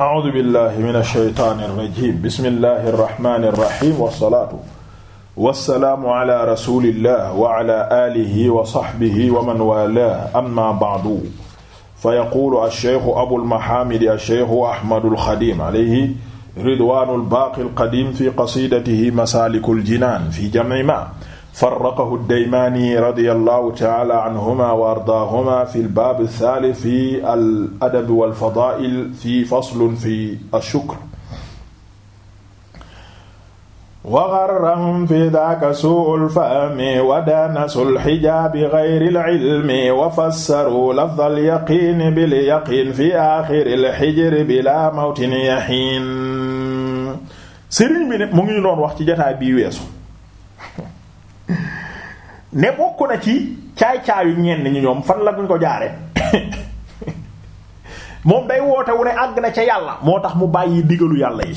a'uudu billahi mina shaytaani rajiim bismillahi rahmaani rahiim wasalaatu wasalaamu ala rasulillah wa ala alihi wa sahbihi wa man waalaahu amma ba'du fa yaquulu ash-shaykhu abul mahaamidi ash-shaykhu ahmadul xadiim alayhi ridwaanul baaqil qadiim fi qasiidatihi masaalikul jinaan fi jam'i maa farraqahu daymaani radiyallahu ta'ala anhuma wa ardaahuma fi al-baab ath-thaalith fi al-adab wal-fadaa'il fi faslun fi ash-shukr wa gharrahum fi dhaaka suu'u al-fahmi wa daanasu al-hijaabi ghayri al-'ilmi wa fassaru lafdha al-yaqiini bil-yaqiin fi aakhiri al-hijri bilaa mawtin yahiin sëriñ bi ne mu ngi doon wax ci jotaay bi weesu ne bokk na ci caay-caayu ñenn ñi ñoom fan la ñu ko jaare moom day woote wu ne àgg na ca yàlla moo tax mu bàyyi digalu yàlla yi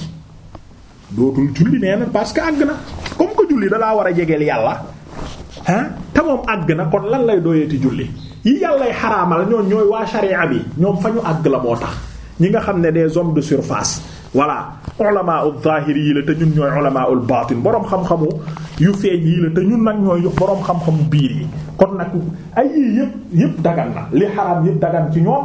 dootul julli nee na parce que àgg na comme que julli dalaa war a jegeel yàlla ah te moom àgg na kon lan lay doyeeti julli yi yàlla y xaraamal ñoom ñooy waa sharia bi ñoom fa ñu àgg la moo tax ñi nga xam ne des hommes de surface voilà ulamaa'u zaahiri yii la te ñun ñooy ulamaa'ul baatin boroom xam-xamu yu feeñ yii la te ñun nag ñooy boroom xam-xamu biir yi kon nag ay yii yëpp yëpp dagan na li xaraam yëpp dagan ci ñoom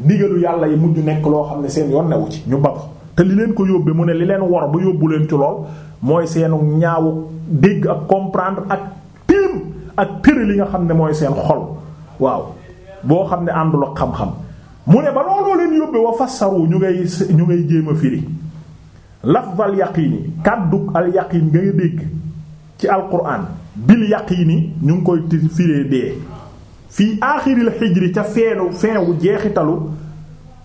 ndigalu yàlla yi mujj nekk loo xam ne seen yoon newu ci ñu ba te li leen ko yóbbee mu ne li leen war ba yóbbu leen ci lool mooy seenu ñaawu dégg ak comprendre ak téem ak tëre li nga xam ne mooy seen xol waaw boo xam ne àndul ak xam-xam mu ne ba looloo leen yóbbee ñu ngay ñu ngay jéem a firi lafz al yaqiini kàddu al yaqiin nga dégg ci alquran bil yaqiini ñu ngi koy firee dee fii la xijri ca feenu feewu jeexitalu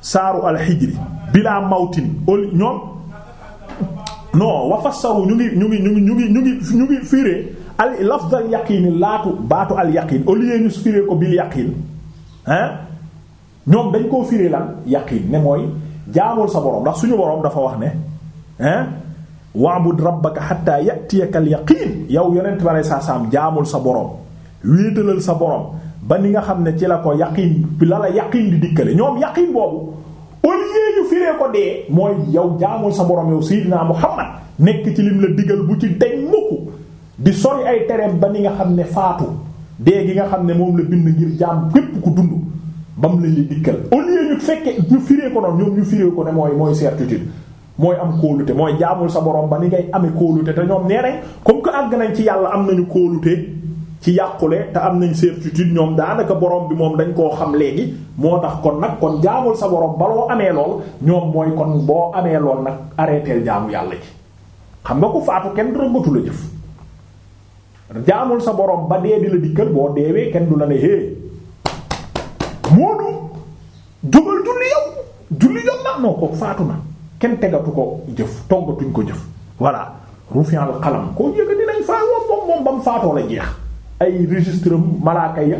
saaru al xijri bilaa mawtin al ñoom non wa fassaru ñu ñu ngi ñu ngi ñu ngi ñu ngi ñu ngi firee al lafz al laatu baatu al yaqiin au lieu ñu firee ko bil yaqiin ah ñoom dañ koo firee lal yaqiin ne mooy jaamul sa borom ndax suñu borom dafa wax ne. ah wa'bud rabbaka hatta ya'tiyaka al-yaqiin yow yonent bi sa saam jaamul sa borom wéetalal sa borom ba ni nga xam ne ci la ko yaqiin bi la la yaqiin di dikkale ñoom yaqiin boobu au lieu ñu firee ko dee mooy yow jaamul sa borom yow Seydina Muhammad nekk ci lim la digal bu ci deñ mukk di sori ay tereem ba ni nga xam ne faatu dee gi nga xam ne moom la bind ngir jaam képp ku dund ba mu la ñuy dikkal au lieu ñu fekkee ñu firee ko noonu ñoo ñu firee ko ne mooy mooy mooy am kóolute mooy jaamul sa boroom ba ni ngay amee kóolute te ñoom nee rek comme que àgg nañ ci yàlla am nañu kóolute ci yàqule te am nañ certitude ñoom daanaka borom bi moom dañ koo xam léegi moo tax kon nag kon jaamul sa boroom ba loo ñoom mooy kon boo amee nag arrêteel jaamu yàlla xam nga ku faatu kenn rëngatu la jëf jaamul sa borom ba dee di la dikkal boo deewee kenn du la ne hé Moodu jógal julli yow julli yow nag ko faatu na. kenn tegatu ko jëf toggatuñ ko jëf voilà rufi'al qalam koo yëkkati nañ faa moom moom ba faatoo la jeex ay registre malaaka ya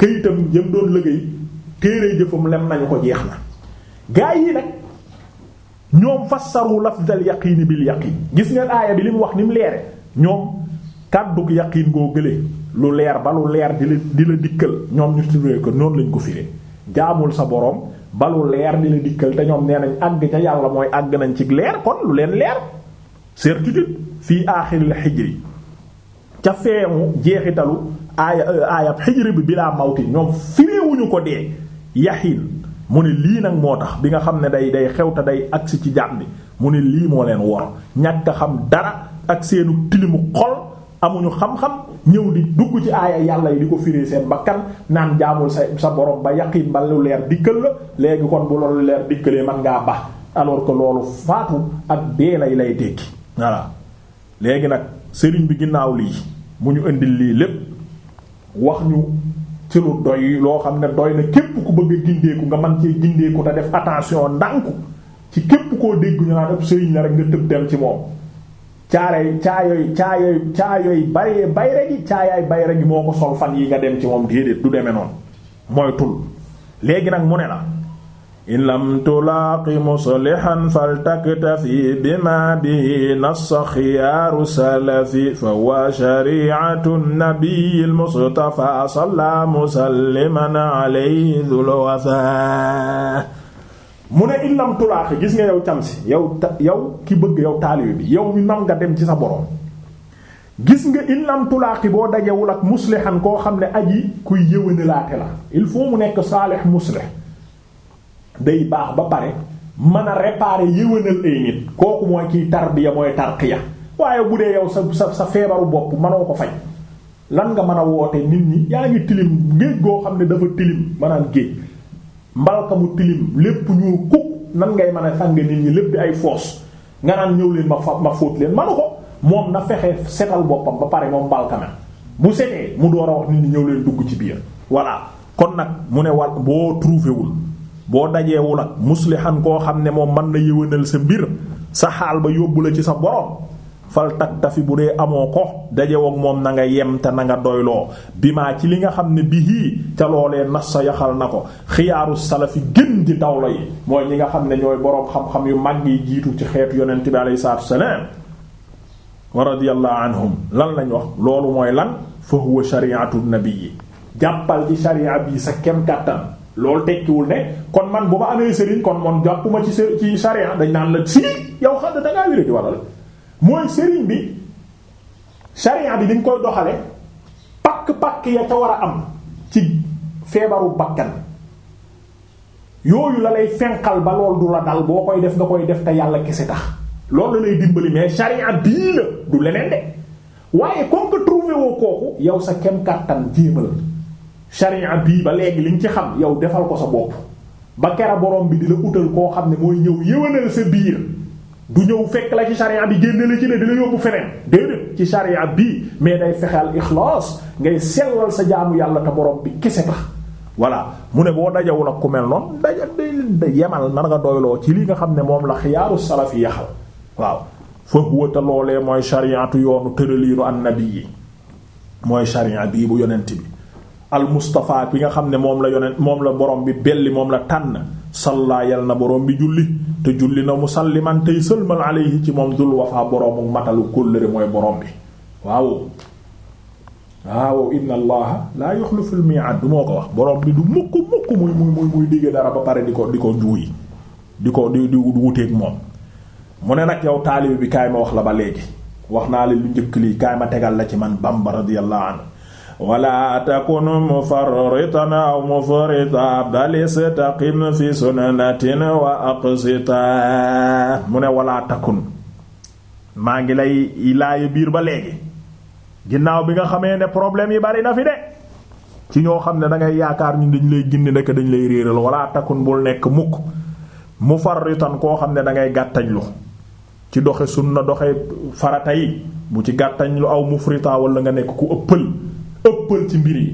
këyitam yam doon liggéey téere jëfam lem nañu ko jeex na gaa yi nag ñoom fassaru lafdal yaqiini bil yaqiin gis nga aaya bi li mu wax ni mu leere ñoom kàddug yaqiin ngoo gële lu leer ba lu leer di la di la dikkal ñoom ñu turee ko noonu lañ ko firee jaamul sa boroom balu leer di la dikkal te ñoom nee nañ àgg ca yàlla mooy àgg nañ ci leer kon lu leen leer certitude fii aaxiril xijri ca feemu jeexitalu aaya euh, aayab xijri bi bilaa mawti ñoom firiwuñu ko dee yaxiin mu ne lii nag moo tax bi nga xam ne day day xew te day agsi ci jàmm mu ne lii moo leen wor ñàkk a xam dara ak seenu tilimu xol amuñu xam-xam ñëw di dugg ci aaya yàlla yi di ko firee seen bakkan naan jaamul sa sa borom ba yaqiin ba lu leer dikkal la léegi kon bu loolu leer dikkalee man ngaa ba alors que loolu faatu ak dee lay lay tekki léegi nag sëriñ bi ginnaaw lii mu ñu indil lii lépp wax ñu ci lu doy loo xam ne doy na képp ku bëgg a nga man cee gindeeku te def attention ndànku ci képp koo dégg ñu naan ëpp sëriñ la rek nga tëb dem ci moom caare caayooy caayooy caayooy bay bayra gi caayaay bayra gi moo ko sol fan yi nga dem ci moom déedéet du demee noonu mooy tul léegi nag mu ne la in lam tulaaqi muslihan faltaktafi bima bihi nassa xiyaaru salafi fa wa shari'atu nabiyil mustafa salla musalliman alayhi dhul wafa mu ne illam tulaaxi gis nga yow camsi yow yow ki bëgg yow taalibe bi yow mi nam nga dem ci sa borom gis nga illam tulaaxi boo dajewul ak muslihan koo xam ne aji kuy yëwénalaate la il faut mu nekk saalih muslih day baax ba pare mën a réparer yëwénal ay nit kooku mooy kiy tarbiya mooy tarqiya waaye bu dee yow sa sa sa feebaru bopp mënoo ko faj lan nga mën a woote nit ñi yaa ngi tilim géej goo xam ne dafa tilim maanaam géej mbalka mu tilim lépp ñu kukk nan ngay mën a sàng nit ñi lépp ay foos nga naan ñëw leen ma fa ma fóot leen manu ko moom na fexe setal boppam ba pare moom mbalka na bu setee mu door a wax nit ñi ñëw leen dugg ci biir voilà kon nag mu ne wal boo trouvéwul boo dajeewul ak muslihan koo xam ne moom man na yëwénal sa mbir sa xaal ba yóbbu la ci sa borom fal bu dee amoo ko dajewook moom na nga yem te na nga doyloo bi maa ci li nga xam ne bihii te loolee nas sa yaxal na ko xiyaaru salafi gën di dawla yi mooy ñi nga xam ne ñooy boroom xam-xam yu mag yi jiitu ci xeetu yonent bi alayhi salaatu wassalaam wa radiyallahu anhum lan lañ wax loolu mooy lan fa huwa shari'atu nabiyyi jàppal ci sharia bii sa kem kàttan loolu tekkiwul ne kon man bu ma amee sëriñ kon moom jàppuma ci ci sharia dañ naan la si yow mooy sëriñ bi sharia bi dañ koy doxale pakk pakk ya ca war a am ci feebaru bakkan yooyu la lay fenqal ba lool du la dal boo koy def nga koy def te yàlla kese tax loolu la lay dimbali mais sharia bii la du leneen de waaye comme que trouvé kooku yow sa kem kàttan jéemal sharia bii ba léegi liñ ci xam yow defal ko sa bopp ba kera borom bi di la utal koo xam ne mooy ñëw yëwanal sa biir du ñëw fekk la ci sharia bi génne la ci ne di la yóbbu feneen déedéet ci sharia bi mais day fexeel ixlaas ngay sellal sa jaamu yàlla te borom bi kese tax voilà mu ne boo dajawul ak ku mel noonu daja yemal nar nga doyloo ci li nga xam ne moom la xiyaaru salaf yi yaxal waaw fa loolee mooy shariatu yoonu tëraliinu annabi yi mooy sharia bii bu yonent bi al Mustafa bi nga xam ne moom la yonent moom la borom bi belli moom la tànn salla yal na borom bi julli te julli na mu man tey sëlmal alayhi ci moom dul wafa boroomu matalu kóllëre mooy borom bi waaw waaw inna allaha laa yuxliful mi'ad du moo ko wax borom bi du mukk mukk muy muy digg dara ba pare di ko di ko njuuyi di ko di di wuteeg moom mu ne nag yow taalibe bi kaay ma wax la ba léegi wax naa la lu njëkk lii kaay ma tegal la ci man Bamba radiyallahu anhu wala takun mufarritan aw mufrita bal istaqim fi sunnatin wa aqsita mu ne wala takun maa ngi lay laaya biir ba léegi ginnaaw bi nga xamee ne problème yi bari na fi de ci ñoo xam ne dangay yaakaar ñu dañ lay gindi nekk dañ lay réeral wala takun bul nekk mukk mufarritan koo xam ne da ngay gàttañlu ci doxe sunna doxe farata yi bu ci gàttañlu aw mufrita wala nga nekk ku ëppal ëppal ci mbir yi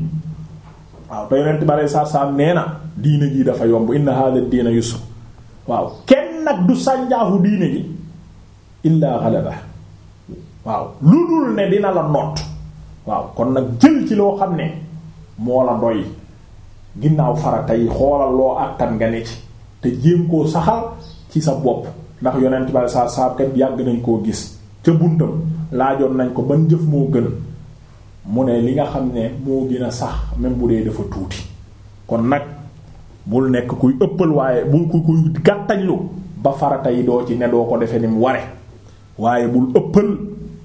waaw te yonent bi aleyhi salaatu nee na diine jii dafa yomb inna hadha diina yusr waaw kenn nag du sànjaahu diine gi illaa ghalaba waaw lu dul ne dina la noot waaw kon nag jël ci loo xam ne moo la doy ginnaaw farata yi xoolal loo àttan nga ne ci te jéem koo saxal ci sa bopp ndax yonent bi aleyhi salaatu kat yàgg nañ koo gis ca buntam laajoon nañ ko ban jëf moo gën mu ne li nga xam ne moo gën a sax même bu dee dafa tuuti kon nag bul nekk kuy ëppal waaye bul ku kuy gàttañlu ba farata yi doo ci ne doo ko defe ni mu ware waaye bul ëppal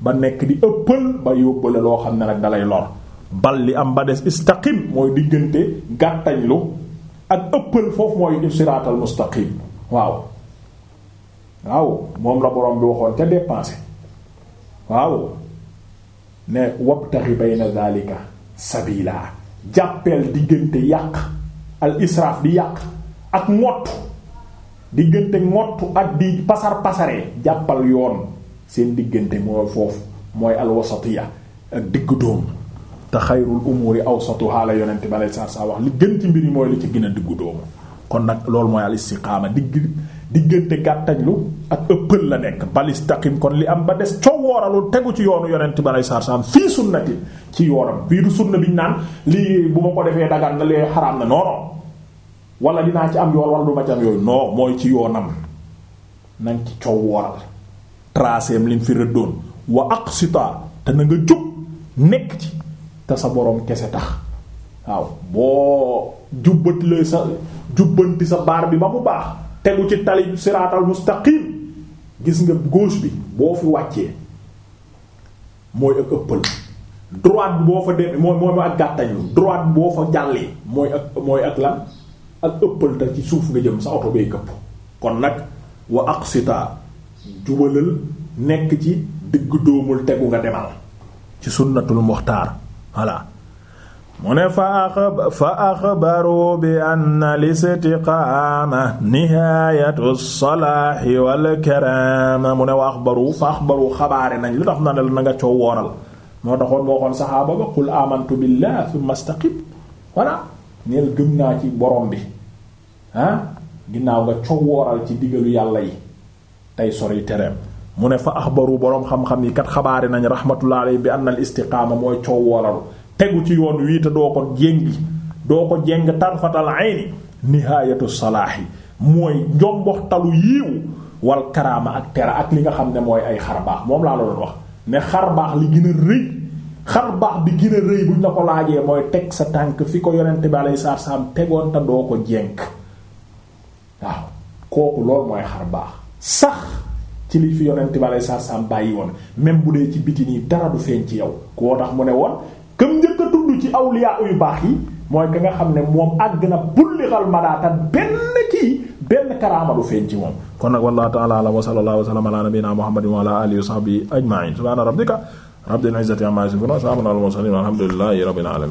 ba nekk di ëppal ba yóbbale loo xam ne nag dalay lor bal li am ba des istaqim mooy diggante gàttañlu ak ëppal foofu mooy siraatal mustaqim waaw waaw moom la borom bi waxoon ca dépensé waaw ne wabtaxi bayna dhalika sabila jàppeel diggante yàq al israaf di yàq ak ngott diggante ngott ak di pasar pasaree jàppal yoon seen diggante mooy foofu mooy al wasatiya ak diggu dóom te xayrul umuri awsatuha la yonent bi alayhi salaatu wa wax li gën ci mbir yi mooy li ci gën a diggu dóomu kon nag loolu mooy al istiqaama digg diggante gàttañlu ak ëppal la nekk balistaqim kon li am ba des coow tegu ci yoonu yonent bi alay sarsam fii sunnati ci yoonam fii du sunna biñ naan lii bu ma ko defee dagan na lee xaraam na non non dinaa ci am yoon wala du ma yooyu noo mooy ci yoonam nañ ci coow wooral lim fi rëddoon wa aqsita te na nga jub nekk ci te sa boroom kese tax waaw boo jubbati lay sa jubbanti sa baar bi ba mu baax tegu ci tali siraatal mustaqim gis nga gauche bi boo fi wàccee mooy ak ëppal droite boo fa dem mooy mooy ak gàttañu droite bi boo fa jàllee mooy ak mooy ak lan ak ëppal te ci suuf nga jëm sa oto bay këpp kon nag wa aqsita jubalal nekk ci digg dóomul tegu nga demal ci sunnatul muxtaar voilà mu ne fa axbaru bi anna listiqaama nihaayatu salaahi wal karaama mu ne wa axbaru fa axbaru xabaare nañ lu tax na la na nga coow wooral moo taxoon moo xoon saxaaba ba qul amantu billah thumma istaqim voilà neel gëm naa ci borom bi ah ginnaaw nga coow ci digalu yàlla yi tey sori tereem mu ne fa axbaru boroom xam-xam yi kat xabaare nañ rahmatullah alayhi bi anna al istiqaama mooy coow wooralu tegu ci yoon wii te doo ko jéngi doo ko jéng tarfatal ayni nihaayatu salaahi mooy njomboxtalu yiiw wal ak tera ak li nga xam ne mooy ay xar baax moom laa la doon wax ne xar baax li gën rëy xar baax bi gën a rëy buñ la ko laajee mooy teg sa tànk fi ko yonent bi alayhi salaatu tegoon te doo ko jéng waaw kooku loolu mooy xar baax sax ci li fi yonent bi alayhi salaatu bàyyi woon même bu dee ci biti nii dara du feeñ ci yow koo tax mu ne woon këm njëkk a tudd ci awliya yu baax yi mooy ka nga xam ne moom àgg na bullixal madaata benn kii benn karaama du feeñ ci moom kon nag wallahu a a'lam wa sallallahu wa sallama ala nabiyyina muhammadin wa ala alihi wa sahbihi ajma'in subhana rabbika rabbil izzati amma yasifun wa salamun ala al mursalin walhamdulillahi rabbil alamin